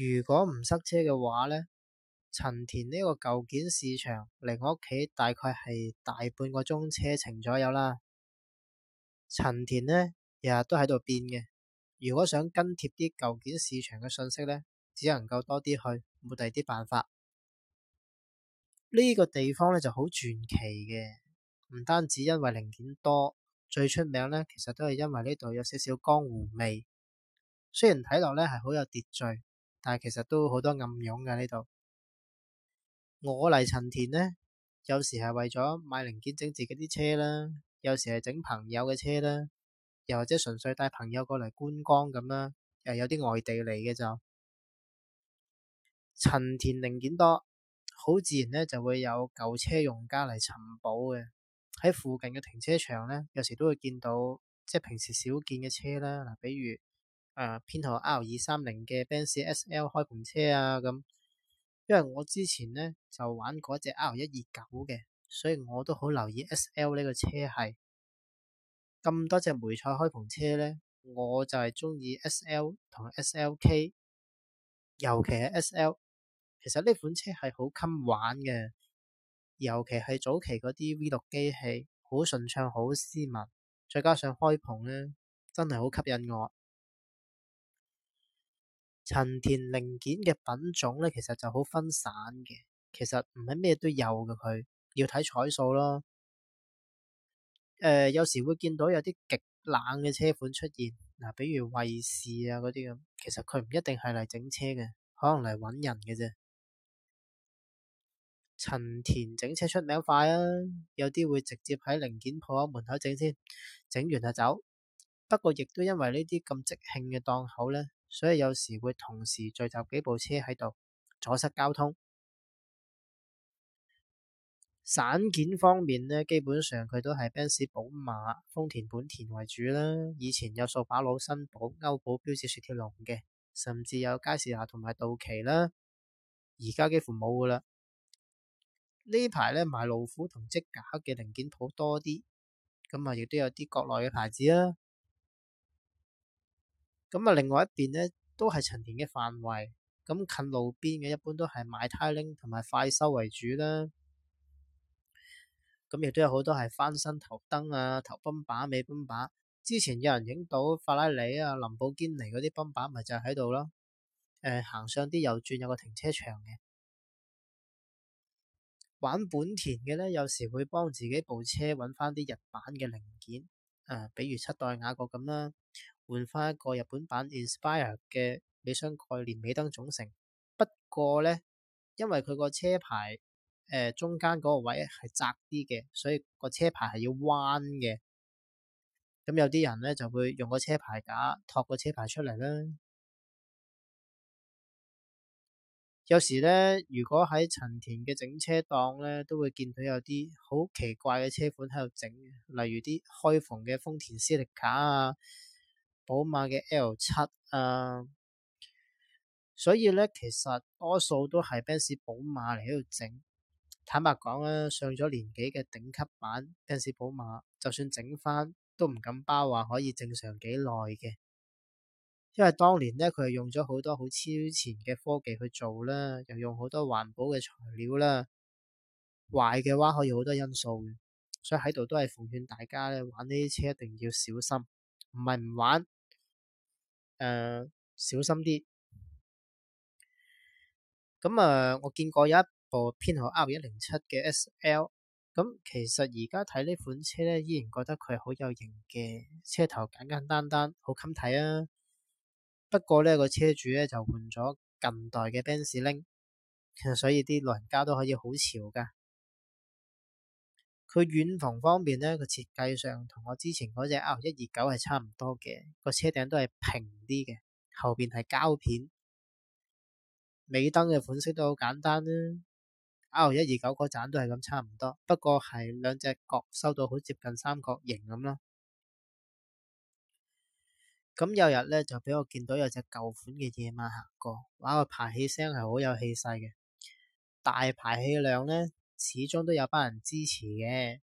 如果唔塞車嘅話呢，陳田呢個舊件市場嚟我屋企大概係大半個鐘車程左右啦。陳田呢日日都喺度變嘅，如果想跟貼啲舊件市場嘅信息呢，只能夠多啲去，冇第二啲辦法。呢個地方呢就好傳奇嘅，唔單止因為零件多，最出名呢其實都係因為呢度有少少江湖味。雖然睇落呢係好有秩序。但其實都好多暗湧嘅呢度。我嚟陳田呢，有時係為咗買零件整自己啲車啦，有時係整朋友嘅車啦，又或者純粹帶朋友過嚟觀光咁啦，又有啲外地嚟嘅就陳田零件多，好自然呢就會有舊車用家嚟尋寶嘅。喺附近嘅停車場呢，有時都會見到即係平時少見嘅車啦，嗱，比如。誒，編號、uh, R 二三零嘅 Benz S L 開篷車啊，咁，因為我之前呢就玩過一隻 R 一二九嘅，所以我都好留意 S L 呢個車系，咁多隻梅賽開篷車呢，我就係鍾意 S L 同 S L K，尤其係 S L，其實呢款車係好襟玩嘅，尤其係早期嗰啲 V 六機器，好順暢，好斯文，再加上開篷呢，真係好吸引我。陳田零件嘅品種咧，其實就好分散嘅，其實唔係咩都有㗎。佢要睇彩數咯。誒、呃，有時會見到有啲極冷嘅車款出現，嗱，比如衛士啊嗰啲咁，其實佢唔一定係嚟整車嘅，可能嚟揾人嘅啫。陳田整車出名快啊，有啲會直接喺零件鋪門口整先，整完就走。不過亦都因為呢啲咁即興嘅檔口呢。所以有時會同時聚集幾部車喺度阻塞交通。散件方面呢，基本上佢都係奔馳、寶馬、豐田、本田為主啦。以前有數把佬新寶、歐寶、標致、雪鐵龍嘅，甚至有佳士拿同埋道奇啦。而家幾乎冇噶啦。呢排呢，賣路虎同積架嘅零件鋪多啲，咁啊亦都有啲國內嘅牌子啦。咁啊，另外一邊咧都係陳田嘅範圍。咁近路邊嘅一般都係買胎鈴同埋快修為主啦。咁亦都有好多係翻新頭燈啊、頭泵把、尾泵把。之前有人影到法拉利啊、林寶堅尼嗰啲泵把咪就喺度咯。誒、呃，行上啲右轉有個停車場嘅。玩本田嘅咧，有時會幫自己部車揾翻啲日版嘅零件。誒、呃，比如七代雅閣咁啦。換翻一個日本版 Inspire 嘅尾箱概念尾燈總成，不過呢，因為佢個車牌誒、呃、中間嗰個位係窄啲嘅，所以個車牌係要彎嘅。咁有啲人呢就會用個車牌架托個車牌出嚟啦。有時呢，如果喺陳田嘅整車檔呢，都會見到有啲好奇怪嘅車款喺度整，例如啲開篷嘅豐田斯力卡啊。寶馬嘅 L 七啊，所以咧其實多數都係奔馳寶馬嚟喺度整。坦白講啊，上咗年紀嘅頂級版奔馳寶馬，就算整翻都唔敢包話可以正常幾耐嘅。因為當年咧佢係用咗好多好超前嘅科技去做啦，又用好多環保嘅材料啦。壞嘅話可以好多因素嘅，所以喺度都係奉勸大家咧，玩呢啲車一定要小心，唔係唔玩。誒，uh, 小心啲。咁啊，我見過有一部編號 R 一零七嘅 SL。咁其實而家睇呢款車咧，依然覺得佢好有型嘅。車頭簡簡單單，單，好襟睇啊。不過咧，個車主咧就換咗近代嘅 Benz Link，所以啲老人家都可以好潮㗎。佢軟篷方面呢，個設計上同我之前嗰隻 R 一二九係差唔多嘅，個車頂都係平啲嘅，後邊係膠片，尾燈嘅款式都好簡單啦。R 一二九嗰盞都係咁差唔多，不過係兩隻角收到好接近三角形咁咯。咁有日呢，就俾我見到有隻舊款嘅野馬行過，嗰個排氣聲係好有氣勢嘅，大排氣量呢。始終都有班人支持嘅。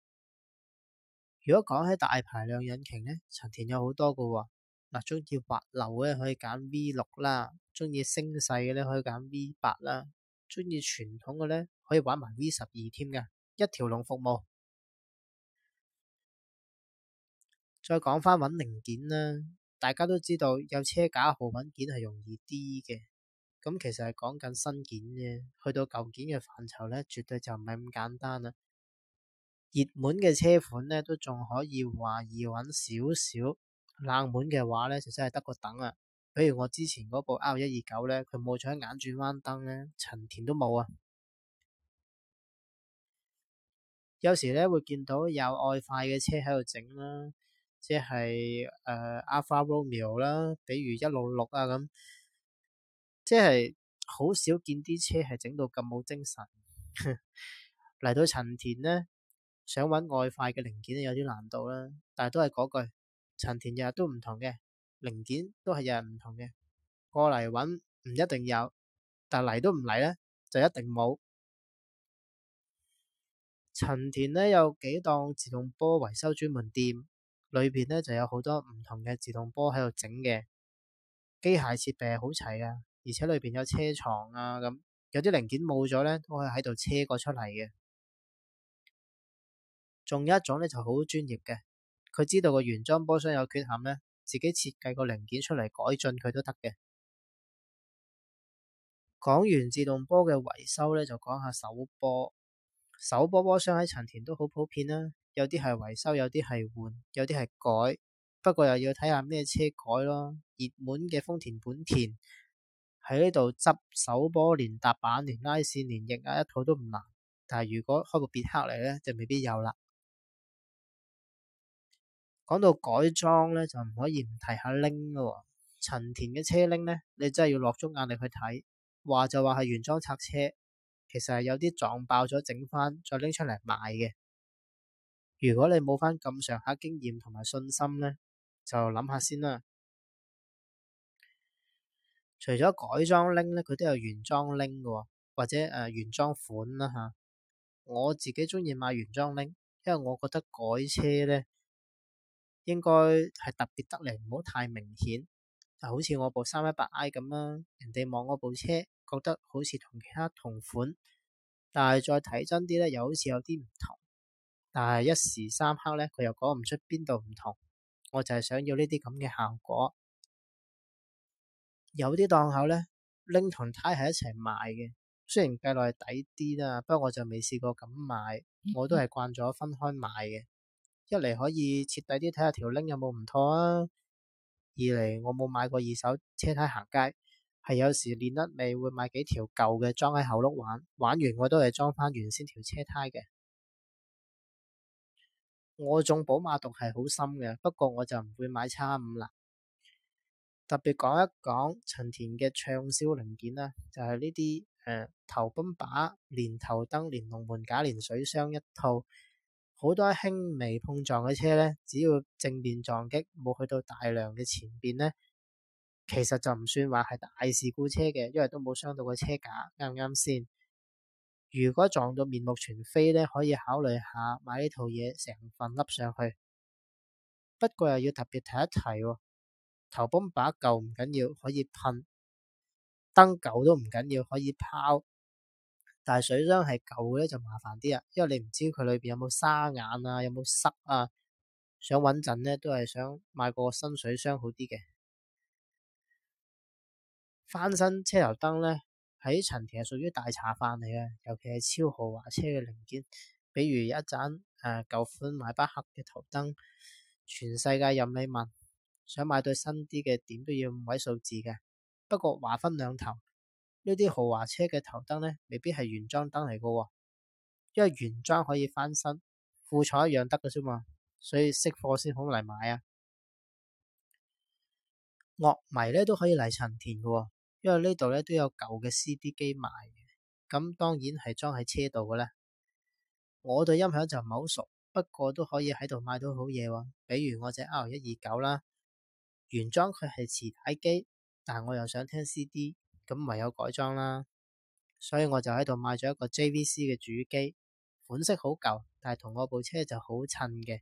如果講起大排量引擎呢，陳田有好多個。嗱，中意滑流嘅可以揀 V 六啦，中意聲勢嘅呢可以揀 V 八啦，中意傳統嘅呢可以玩埋 V 十二添噶，一條龍服務。再講翻揾零件啦，大家都知道有車架號揾件係容易啲嘅。咁其實係講緊新件啫，去到舊件嘅範疇呢，絕對就唔係咁簡單啦。熱門嘅車款呢，都仲可以話易揾少少，冷門嘅話呢，就真係得個等啊。比如我之前嗰部 L 一二九呢，佢冇咗眼轉彎燈呢，陳田都冇啊。有時呢，會見到有愛快嘅車喺度整啦，即係誒、呃、Alfa Romeo 啦，比如一六六啊咁。即係好少見啲車係整到咁冇精神嚟。 到陳田呢，想揾外快嘅零件有啲難度啦，但係都係嗰句，陳田日日都唔同嘅零件都係日日唔同嘅，過嚟揾唔一定有，但嚟都唔嚟呢，就一定冇。陳田呢，有幾檔自動波維修專門店，裏邊呢就有好多唔同嘅自動波喺度整嘅，機械設備係好齊噶。而且裏邊有車床啊，咁有啲零件冇咗呢，都可以喺度車過出嚟嘅。仲有一種呢就好專業嘅，佢知道個原裝波箱有缺陷呢，自己設計個零件出嚟改進佢都得嘅。講完自動波嘅維修呢，就講下手波。手波波箱喺陳田都好普遍啦，有啲係維修，有啲係換，有啲係改，不過又要睇下咩車改咯。熱門嘅豐田、本田。喺呢度執手波、連踏板、連拉線、連液壓一套都唔難，但係如果開個別克嚟咧，就未必有啦。講到改裝咧，就唔可以唔提下鈴咯。陳田嘅車鈴咧，你真係要落足壓力去睇。話就話係原裝拆車，其實係有啲撞爆咗，整翻再拎出嚟賣嘅。如果你冇翻咁上下經驗同埋信心咧，就諗下先啦。除咗改裝鈴咧，佢都有原裝鈴嘅，或者誒、呃、原裝款啦吓、啊。我自己中意買原裝鈴，因為我覺得改車咧應該係特別得嚟，唔好太明顯。就好似我部三一八 I 咁樣，人哋望我部車覺得好似同其他同款，但係再睇真啲咧，又好似有啲唔同。但係一時三刻咧，佢又講唔出邊度唔同。我就係想要呢啲咁嘅效果。有啲檔口呢，拎、同胎係一齊賣嘅，雖然計落係抵啲啦，不過我就未試過咁買，我都係慣咗分開買嘅。一嚟可以徹底啲睇下條拎有冇唔妥啊，二嚟我冇買過二手車胎行街，係有時練甩尾會買幾條舊嘅裝喺後轆玩，玩完我都係裝翻原先條車胎嘅。我種寶馬毒係好深嘅，不過我就唔會買叉五啦。特別講一講陳田嘅暢銷零件啦，就係呢啲誒頭泵把、連頭燈、連龍門架、連水箱一套，好多輕微碰撞嘅車呢，只要正面撞擊冇去到大梁嘅前邊呢，其實就唔算話係大事故車嘅，因為都冇傷到個車架，啱唔啱先？如果撞到面目全非呢，可以考慮下買呢套嘢成份笠上去。不過又要特別提一提、哦。頭泵把舊唔緊要，可以噴；燈舊都唔緊要，可以拋。但係水箱係舊咧，就麻煩啲啊，因為你唔知佢裏邊有冇沙眼啊，有冇塞啊。想穩陣呢，都係想買個新水箱好啲嘅。翻新車頭燈呢，喺陳田係屬於大茶飯嚟嘅，尤其係超豪華車嘅零件，比如一盞誒舊款邁巴赫嘅頭燈，全世界任你問。想買對新啲嘅，點都要五位數字嘅。不過話分兩頭，華頭呢啲豪華車嘅頭燈咧，未必係原裝燈嚟噶，因爲原裝可以翻新，副廠一樣得噶啫嘛。所以識貨先好嚟買啊！樂迷咧都可以嚟陳田噶，因爲呢度咧都有舊嘅 C D 機賣，咁當然係裝喺車度嘅咧。我對音響就唔係好熟，不過都可以喺度買到好嘢，比如我隻 R 一二九啦。原裝佢係磁帶機，但係我又想聽 CD，咁唯有改裝啦。所以我就喺度買咗一個 JVC 嘅主機，款式好舊，但係同我部車就好襯嘅。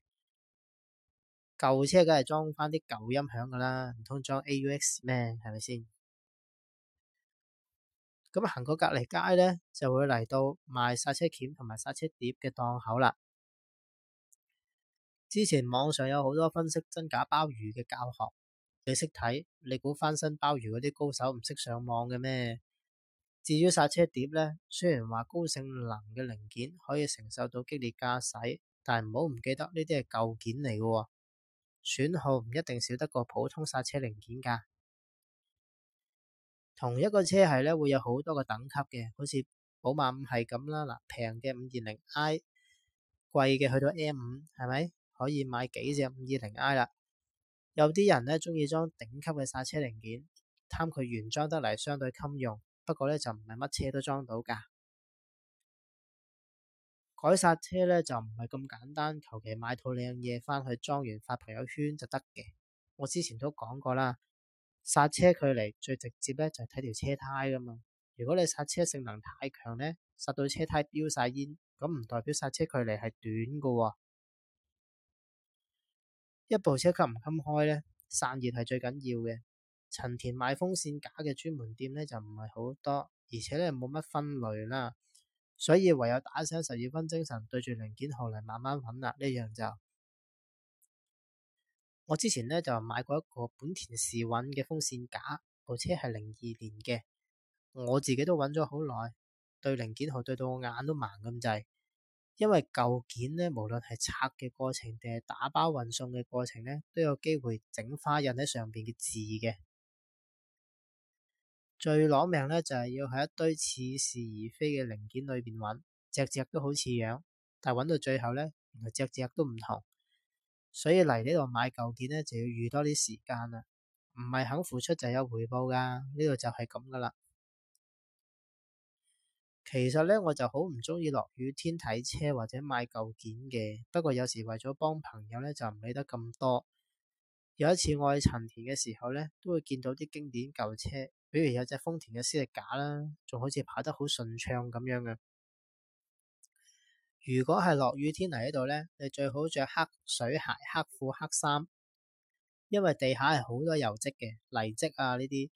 舊車梗係裝翻啲舊音響噶啦，唔通裝 AUX 咩？係咪先？咁行過隔籬街呢，就會嚟到賣剎車鉗同埋剎車碟嘅檔口啦。之前網上有好多分析真假鮑魚嘅教學。你識睇？你估翻身鮑魚嗰啲高手唔識上網嘅咩？至於剎車碟呢，雖然話高性能嘅零件可以承受到激烈駕駛，但唔好唔記得呢啲係舊件嚟嘅，損耗唔一定少得過普通剎車零件噶。同一個車系呢，會有好多個等級嘅，好似寶馬五系咁啦，嗱，平嘅五二零 I，貴嘅去到 M 五，係咪可以買幾隻五二零 I 啦？有啲人呢，鍾意裝頂級嘅剎車零件，貪佢原裝得嚟相對襟用，不過呢，就唔係乜車都裝到噶。改剎車呢，就唔係咁簡單，求其買套靚嘢返去裝完發朋友圈就得嘅。我之前都講過啦，剎車距離最直接呢，就係睇條車胎噶嘛。如果你剎車性能太強呢，剎到車胎飆晒煙，咁唔代表剎車距離係短噶喎。一部車級唔堪開呢？散熱係最緊要嘅。陳田買風扇架嘅專門店呢，就唔係好多，而且呢冇乜分類啦，所以唯有打醒十二分精神，對住零件號嚟慢慢揾啦。呢樣就我之前呢就買過一個本田時韻嘅風扇架，部車係零二年嘅，我自己都揾咗好耐，對零件號對到我眼都盲咁滯。因為舊件呢，無論係拆嘅過程定係打包運送嘅過程呢，都有機會整花印喺上邊嘅字嘅。最攞命呢，就係要喺一堆似是而非嘅零件裏邊揾，隻隻都好似樣，但揾到最後呢，原來隻隻都唔同。所以嚟呢度買舊件呢，就要預多啲時間啦。唔係肯付出就有回報噶，呢度就係咁噶啦。其實咧，我就好唔鍾意落雨天睇車或者買舊件嘅。不過有時為咗幫朋友咧，就唔理得咁多。有一次我去陳田嘅時候咧，都會見到啲經典舊車，比如有隻豐田嘅思力架啦，仲好似跑得好順暢咁樣嘅。如果係落雨天嚟呢度咧，你最好着黑水鞋、黑褲、黑衫，因為地下係好多油漬嘅泥漬啊呢啲。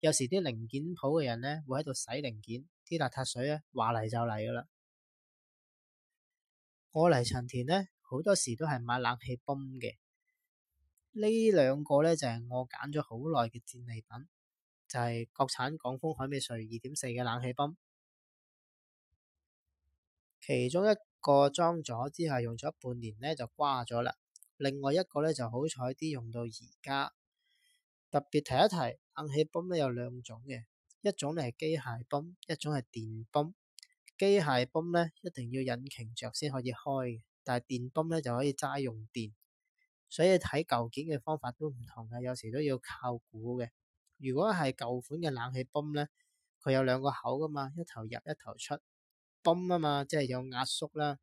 有時啲零件鋪嘅人咧，會喺度洗零件。啲邋遢水啊，話嚟就嚟噶啦！我嚟陳田呢，好多時都係買冷氣泵嘅。呢兩個呢，就係我揀咗好耐嘅戰利品，就係國產港風海味瑞二點四嘅冷氣泵。其中一個裝咗之後用咗半年呢就瓜咗啦，另外一個呢，就好彩啲用到而家。特別提一提，冷氣泵呢有兩種嘅。一種咧係機械泵，一種係電泵。機械泵咧一定要引擎着先可以開，但係電泵咧就可以揸用電。所以睇舊件嘅方法都唔同嘅，有時都要靠估嘅。如果係舊款嘅冷氣泵咧，佢有兩個口㗎嘛，一頭入一頭出，泵啊嘛，即係有壓縮啦。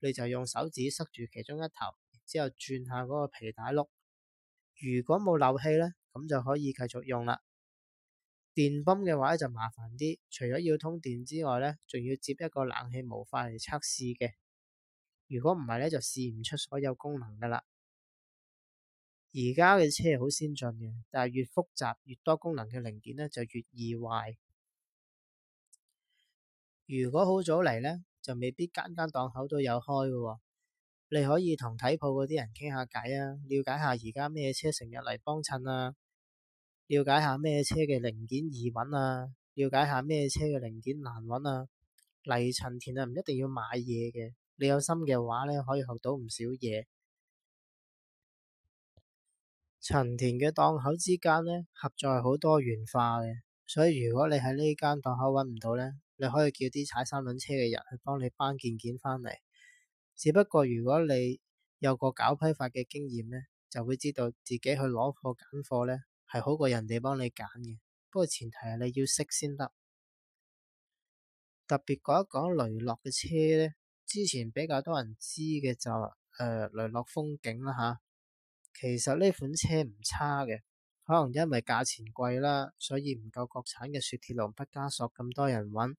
你就用手指塞住其中一頭，之後轉下嗰個皮帶碌。如果冇漏氣咧，咁就可以繼續用啦。電泵嘅話就麻煩啲，除咗要通電之外呢，仲要接一個冷氣模塊嚟測試嘅。如果唔係呢就試唔出所有功能噶啦。而家嘅車好先進嘅，但係越複雜越多功能嘅零件呢就越易壞。如果好早嚟呢，就未必間間檔口都有開噶。你可以同睇鋪嗰啲人傾下偈啊，了解下而家咩車成日嚟幫襯啊。了解下咩車嘅零件易揾啊，了解下咩車嘅零件難揾啊。例如陳田啊，唔一定要買嘢嘅，你有心嘅話呢可以學到唔少嘢。陳田嘅檔口之間呢，合作係好多元化嘅，所以如果你喺呢間檔口揾唔到呢，你可以叫啲踩三輪車嘅人去幫你搬件件返嚟。只不過如果你有個搞批發嘅經驗呢，就會知道自己去攞貨揀貨呢，係好過人哋幫你揀嘅，不過前提係你要識先得。特別講一講雷諾嘅車呢，之前比較多人知嘅就係呃雷諾風景啦吓，其實呢款車唔差嘅，可能因為價錢貴啦，所以唔夠國產嘅雪鐵龍、畢加索咁多人揾。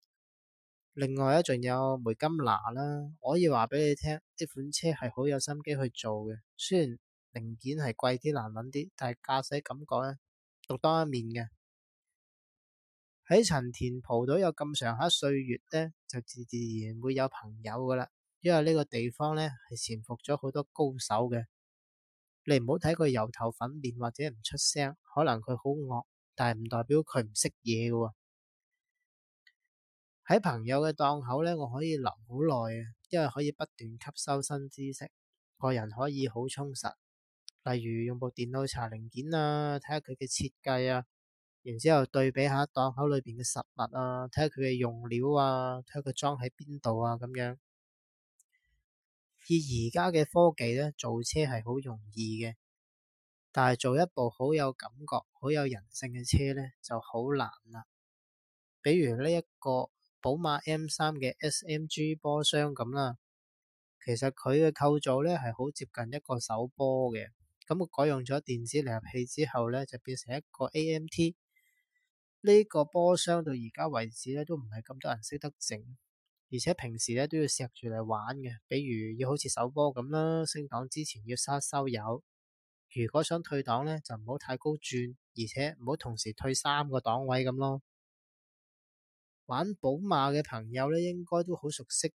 另外咧，仲有梅金拿啦，我可以話俾你聽，呢款車係好有心機去做嘅，雖然。零件係貴啲難揾啲，但係駕駛感覺呢，獨當一面嘅。喺陳田蒲隊有咁上下歲月呢，就自然會有朋友㗎喇。因為呢個地方呢，係潛伏咗好多高手嘅。你唔好睇佢油頭粉面或者唔出聲，可能佢好惡，但係唔代表佢唔識嘢嘅喎。喺朋友嘅檔口呢，我可以留好耐嘅，因為可以不斷吸收新知識，個人可以好充實。例如用部電腦查零件啊，睇下佢嘅設計啊，然之後對比下檔口裏邊嘅實物啊，睇下佢嘅用料啊，睇下佢裝喺邊度啊，咁樣。以而家嘅科技呢，做車係好容易嘅，但係做一部好有感覺、好有人性嘅車呢就好難啦。比如呢一個寶馬 M 三嘅 SMG 波箱咁啦，其實佢嘅構造呢係好接近一個手波嘅。咁改用咗電子離合器之後呢就變成一個 AMT。呢個波箱到而家為止呢都唔係咁多人識得整，而且平時咧都要錫住嚟玩嘅。比如要好似手波咁啦，升檔之前要殺收油。如果想退檔呢，就唔好太高轉，而且唔好同時退三個檔位咁咯。玩寶馬嘅朋友呢，應該都好熟悉，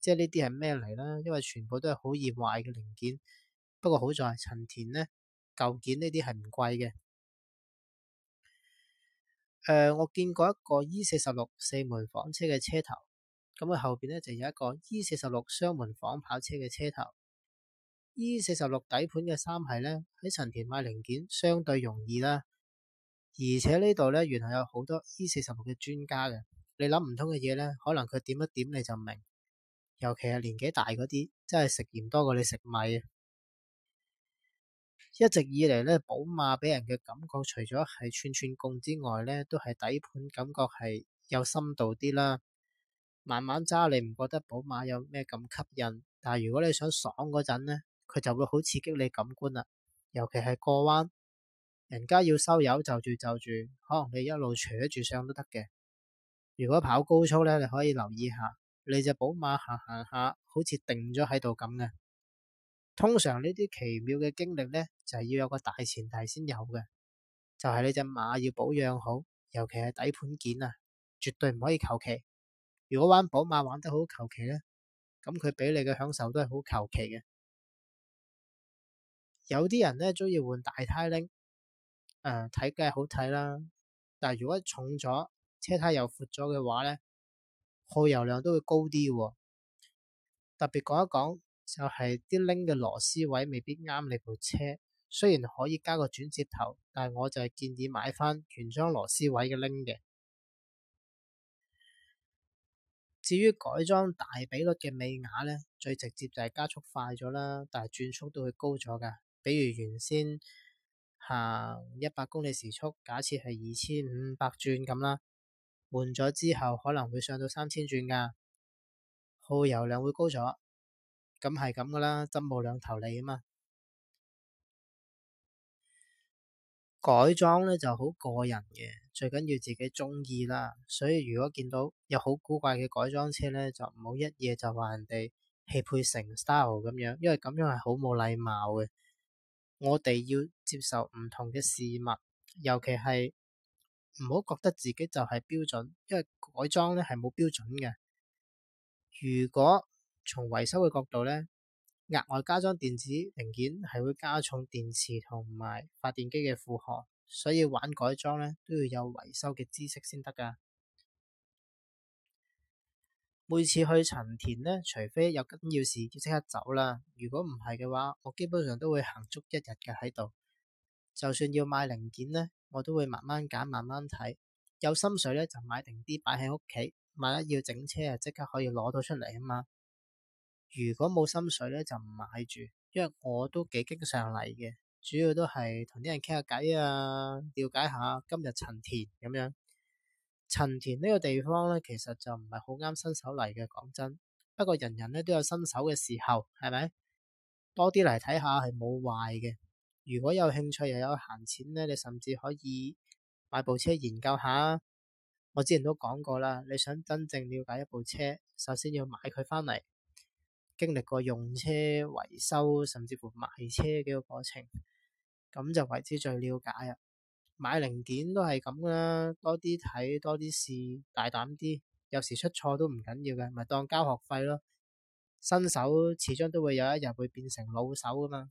即係呢啲係咩嚟啦？因為全部都係好易壞嘅零件。不過好在陳田呢，舊件呢啲係唔貴嘅。誒、呃，我見過一個 E 四十六四門房車嘅車頭，咁佢後邊呢就有一個 E 四十六雙門房跑車嘅車頭。E 四十六底盤嘅三系呢，喺陳田買零件相對容易啦，而且呢度呢，原來有好多 E 四十六嘅專家嘅，你諗唔通嘅嘢呢，可能佢點一點你就明。尤其係年紀大嗰啲，真係食鹽多過你食米。一直以嚟咧，寶馬俾人嘅感覺，除咗係串串貢之外咧，都係底盤感覺係有深度啲啦。慢慢揸你唔覺得寶馬有咩咁吸引，但係如果你想爽嗰陣咧，佢就會好刺激你感官啦。尤其係過彎，人家要收油就住就住，可能你一路駛住上都得嘅。如果跑高速咧，你可以留意下，你隻寶馬行行下，好似定咗喺度咁嘅。通常呢啲奇妙嘅經歷咧，就係、是、要有個大前提先有嘅，就係、是、你隻馬要保養好，尤其係底盤件啊，絕對唔可以求其。如果玩寶馬玩得好求其咧，咁佢俾你嘅享受都係好求其嘅。有啲人咧，鍾意換大胎拎，誒睇梗係好睇啦，但係如果重咗，車胎又闊咗嘅話咧，耗油量都會高啲喎、啊。特別講一講。就係啲鈴嘅螺絲位未必啱你部車，雖然可以加個轉接頭，但係我就係建議買返原裝螺絲位嘅鈴嘅。至於改裝大比率嘅尾牙呢，最直接就係加速快咗啦，但係轉速都會高咗噶。比如原先行一百公里時速，假設係二千五百轉咁啦，換咗之後可能會上到三千轉噶，耗油量會高咗。咁係咁噶啦，針冇兩頭利啊嘛。改裝咧就好個人嘅，最緊要自己中意啦。所以如果見到有好古怪嘅改裝車咧，就唔好一嘢就話人哋汽配城 style 咁樣，因為咁樣係好冇禮貌嘅。我哋要接受唔同嘅事物，尤其係唔好覺得自己就係標準，因為改裝咧係冇標準嘅。如果從維修嘅角度呢，額外加裝電子零件係會加重電池同埋發電機嘅負荷，所以玩改裝呢都要有維修嘅知識先得噶。每次去陳田呢，除非有緊要事要即刻走啦，如果唔係嘅話，我基本上都會行足一日嘅喺度。就算要買零件呢，我都會慢慢揀，慢慢睇，有心水呢，就買定啲擺喺屋企，萬一要整車啊，即刻可以攞到出嚟啊嘛。如果冇心水咧，就唔買住，因為我都幾經常嚟嘅，主要都係同啲人傾下偈啊，了解下今日陳田咁樣。陳田呢個地方咧，其實就唔係好啱新手嚟嘅，講真。不過人人咧都有新手嘅時候，係咪？多啲嚟睇下係冇壞嘅。如果有興趣又有閒錢咧，你甚至可以買部車研究下。我之前都講過啦，你想真正了解一部車，首先要買佢返嚟。經歷過用車維修，甚至乎賣車嘅過程，咁就為之最了解啦。買零件都係咁啦，多啲睇，多啲試，大膽啲，有時出錯都唔緊要嘅，咪當交學費咯。新手始終都會有一日會變成老手噶嘛。